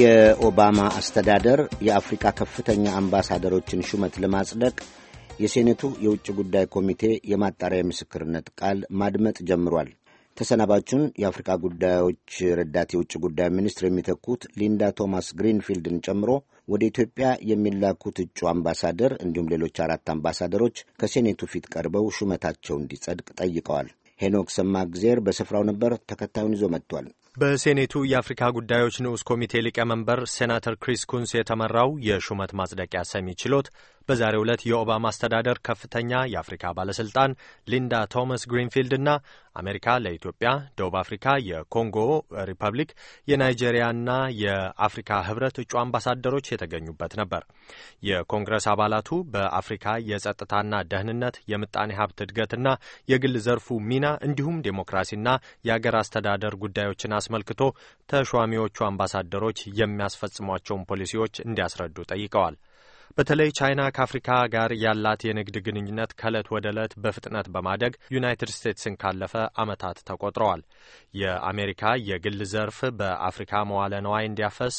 የኦባማ አስተዳደር የአፍሪካ ከፍተኛ አምባሳደሮችን ሹመት ለማጽደቅ የሴኔቱ የውጭ ጉዳይ ኮሚቴ የማጣሪያ ምስክርነት ቃል ማድመጥ ጀምሯል። ተሰናባቹን የአፍሪካ ጉዳዮች ረዳት የውጭ ጉዳይ ሚኒስትር የሚተኩት ሊንዳ ቶማስ ግሪንፊልድን ጨምሮ ወደ ኢትዮጵያ የሚላኩት እጩ አምባሳደር እንዲሁም ሌሎች አራት አምባሳደሮች ከሴኔቱ ፊት ቀርበው ሹመታቸው እንዲጸድቅ ጠይቀዋል። ሄኖክ ሰማግዜር በስፍራው ነበር፣ ተከታዩን ይዞ መጥቷል። በሴኔቱ የአፍሪካ ጉዳዮች ንዑስ ኮሚቴ ሊቀመንበር ሴናተር ክሪስ ኩንስ የተመራው የሹመት ማጽደቂያ ሰሚ ችሎት በዛሬው ዕለት የኦባማ አስተዳደር ከፍተኛ የአፍሪካ ባለስልጣን ሊንዳ ቶማስ ግሪንፊልድ እና አሜሪካ ለኢትዮጵያ፣ ደቡብ አፍሪካ፣ የኮንጎ ሪፐብሊክ፣ የናይጄሪያና የአፍሪካ ህብረት እጩ አምባሳደሮች የተገኙበት ነበር። የኮንግረስ አባላቱ በአፍሪካ የጸጥታና ደህንነት፣ የምጣኔ ሀብት እድገትና የግል ዘርፉ ሚና እንዲሁም ዴሞክራሲና የአገር አስተዳደር ጉዳዮችን አስመልክቶ ተሿሚዎቹ አምባሳደሮች የሚያስፈጽሟቸውን ፖሊሲዎች እንዲያስረዱ ጠይቀዋል። በተለይ ቻይና ከአፍሪካ ጋር ያላት የንግድ ግንኙነት ከዕለት ወደ ዕለት በፍጥነት በማደግ ዩናይትድ ስቴትስን ካለፈ ዓመታት ተቆጥረዋል። የአሜሪካ የግል ዘርፍ በአፍሪካ መዋለ ነዋይ እንዲያፈስ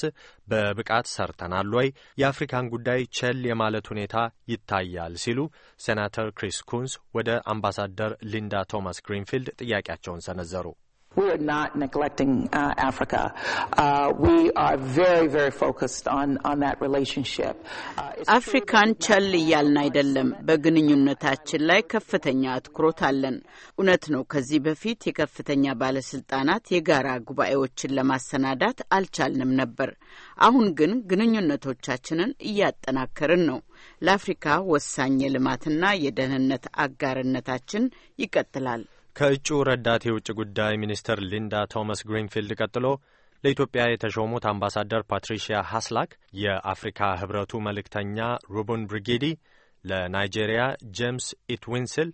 በብቃት ሰርተናል ወይ? የአፍሪካን ጉዳይ ቸል የማለት ሁኔታ ይታያል ሲሉ ሴናተር ክሪስ ኩንስ ወደ አምባሳደር ሊንዳ ቶማስ ግሪንፊልድ ጥያቄያቸውን ሰነዘሩ። We are not neglecting uh, Africa. Uh, we are very, very focused on, on that relationship. አፍሪካን uh, ቸል እያልን አይደለም። በግንኙነታችን ላይ ከፍተኛ አትኩሮት አለን። እውነት ነው። ከዚህ በፊት የከፍተኛ ባለስልጣናት የጋራ ጉባኤዎችን ለማሰናዳት አልቻልንም ነበር። አሁን ግን ግንኙነቶቻችንን እያጠናከርን ነው። ለአፍሪካ ወሳኝ የልማትና የደህንነት አጋርነታችን ይቀጥላል። ከእጩ ረዳት የውጭ ጉዳይ ሚኒስትር ሊንዳ ቶማስ ግሪንፊልድ ቀጥሎ ለኢትዮጵያ የተሾሙት አምባሳደር ፓትሪሺያ ሃስላክ የአፍሪካ ህብረቱ መልእክተኛ ሩቡን ብሪጌዲ፣ ለናይጄሪያ ጄምስ ኢትዊንስል፣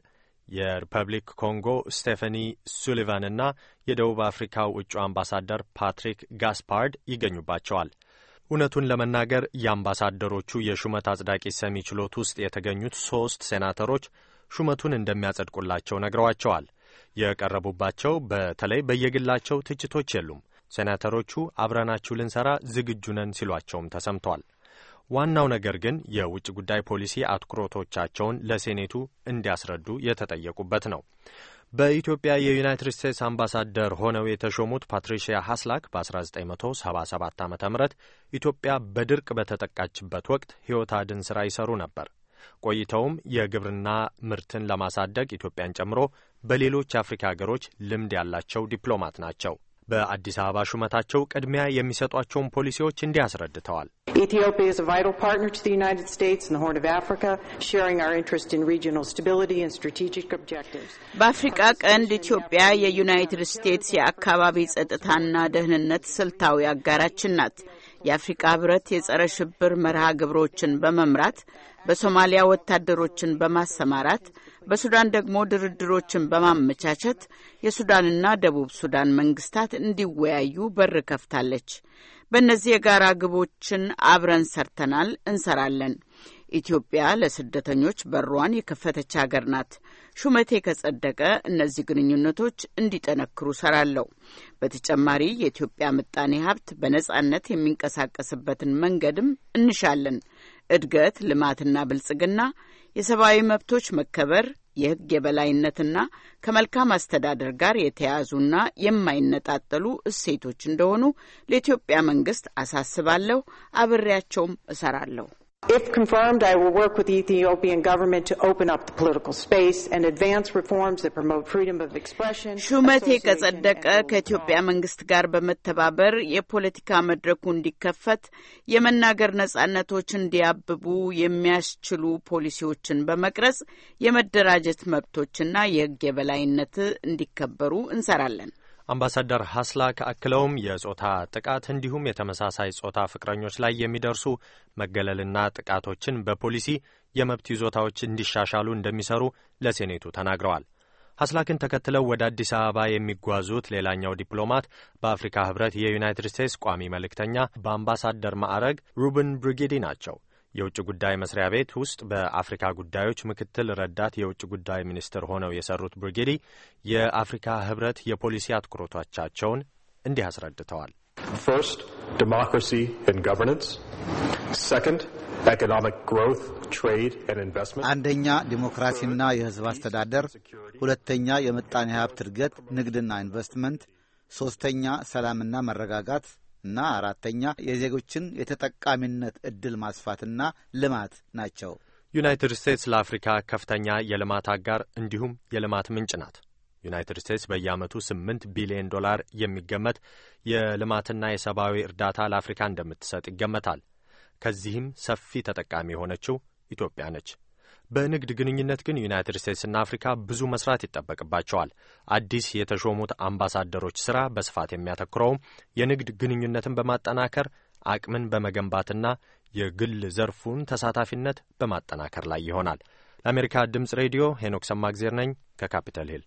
የሪፐብሊክ ኮንጎ ስቴፈኒ ሱሊቫን እና የደቡብ አፍሪካው እጩ አምባሳደር ፓትሪክ ጋስፓርድ ይገኙባቸዋል። እውነቱን ለመናገር የአምባሳደሮቹ የሹመት አጽዳቂ ሰሚ ችሎት ውስጥ የተገኙት ሦስት ሴናተሮች ሹመቱን እንደሚያጸድቁላቸው ነግረዋቸዋል። የቀረቡባቸው በተለይ በየግላቸው ትችቶች የሉም። ሴናተሮቹ አብረናችሁ ልንሰራ ዝግጁ ነን ሲሏቸውም ተሰምተዋል። ዋናው ነገር ግን የውጭ ጉዳይ ፖሊሲ አትኩሮቶቻቸውን ለሴኔቱ እንዲያስረዱ የተጠየቁበት ነው። በኢትዮጵያ የዩናይትድ ስቴትስ አምባሳደር ሆነው የተሾሙት ፓትሪሺያ ሀስላክ በ1977 ዓ ም ኢትዮጵያ በድርቅ በተጠቃችበት ወቅት ሕይወት አድን ሥራ ይሰሩ ነበር። ቆይተውም የግብርና ምርትን ለማሳደግ ኢትዮጵያን ጨምሮ በሌሎች አፍሪካ ሀገሮች ልምድ ያላቸው ዲፕሎማት ናቸው። በአዲስ አበባ ሹመታቸው ቅድሚያ የሚሰጧቸውን ፖሊሲዎች እንዲህ አስረድተዋል። በአፍሪቃ ቀንድ ኢትዮጵያ የዩናይትድ ስቴትስ የአካባቢ ጸጥታና ደህንነት ስልታዊ አጋራችን ናት። የአፍሪቃ ህብረት የጸረ ሽብር መርሃ ግብሮችን በመምራት በሶማሊያ ወታደሮችን በማሰማራት በሱዳን ደግሞ ድርድሮችን በማመቻቸት የሱዳንና ደቡብ ሱዳን መንግስታት እንዲወያዩ በር ከፍታለች። በእነዚህ የጋራ ግቦችን አብረን ሰርተናል፣ እንሰራለን። ኢትዮጵያ ለስደተኞች በሯን የከፈተች ሀገር ናት። ሹመቴ ከጸደቀ እነዚህ ግንኙነቶች እንዲጠነክሩ ሰራለሁ። በተጨማሪ የኢትዮጵያ ምጣኔ ሀብት በነጻነት የሚንቀሳቀስበትን መንገድም እንሻለን። እድገት፣ ልማትና ብልጽግና፣ የሰብአዊ መብቶች መከበር፣ የህግ የበላይነትና ከመልካም አስተዳደር ጋር የተያያዙና የማይነጣጠሉ እሴቶች እንደሆኑ ለኢትዮጵያ መንግስት አሳስባለሁ። አብሬያቸውም እሰራለሁ። If confirmed, I will work with the Ethiopian government to open up the political space and advance reforms that promote freedom of expression. ሹመቴ ከጸደቀ ከኢትዮጵያ መንግስት ጋር በመተባበር የፖለቲካ መድረኩ እንዲከፈት፣ የመናገር ነጻነቶች እንዲያብቡ የሚያስችሉ ፖሊሲዎችን በመቅረጽ የመደራጀት መብቶችና የሕግ የበላይነት እንዲከበሩ እንሰራለን። አምባሳደር ሀስላክ አክለውም የጾታ ጥቃት እንዲሁም የተመሳሳይ ጾታ ፍቅረኞች ላይ የሚደርሱ መገለልና ጥቃቶችን በፖሊሲ የመብት ይዞታዎች እንዲሻሻሉ እንደሚሰሩ ለሴኔቱ ተናግረዋል። ሀስላክን ተከትለው ወደ አዲስ አበባ የሚጓዙት ሌላኛው ዲፕሎማት በአፍሪካ ህብረት የዩናይትድ ስቴትስ ቋሚ መልእክተኛ በአምባሳደር ማዕረግ ሩብን ብሪጌዲ ናቸው። የውጭ ጉዳይ መስሪያ ቤት ውስጥ በአፍሪካ ጉዳዮች ምክትል ረዳት የውጭ ጉዳይ ሚኒስትር ሆነው የሰሩት ብርጌዲ የአፍሪካ ህብረት የፖሊሲ አትኩሮቶቻቸውን እንዲህ አስረድተዋል። First, democracy and governance. Second, economic growth, trade and investment. አንደኛ ዲሞክራሲና የህዝብ አስተዳደር፣ ሁለተኛ የምጣኔ ሀብት እድገት፣ ንግድና ኢንቨስትመንት፣ ሶስተኛ ሰላምና መረጋጋት እና አራተኛ የዜጎችን የተጠቃሚነት እድል ማስፋትና ልማት ናቸው። ዩናይትድ ስቴትስ ለአፍሪካ ከፍተኛ የልማት አጋር እንዲሁም የልማት ምንጭ ናት። ዩናይትድ ስቴትስ በየዓመቱ ስምንት ቢሊዮን ዶላር የሚገመት የልማትና የሰብአዊ እርዳታ ለአፍሪካ እንደምትሰጥ ይገመታል። ከዚህም ሰፊ ተጠቃሚ የሆነችው ኢትዮጵያ ነች። በንግድ ግንኙነት ግን ዩናይትድ ስቴትስና አፍሪካ ብዙ መስራት ይጠበቅባቸዋል። አዲስ የተሾሙት አምባሳደሮች ስራ በስፋት የሚያተኩረውም የንግድ ግንኙነትን በማጠናከር አቅምን በመገንባትና የግል ዘርፉን ተሳታፊነት በማጠናከር ላይ ይሆናል። ለአሜሪካ ድምፅ ሬዲዮ ሄኖክ ሰማግዜር ነኝ ከካፒተል ሂል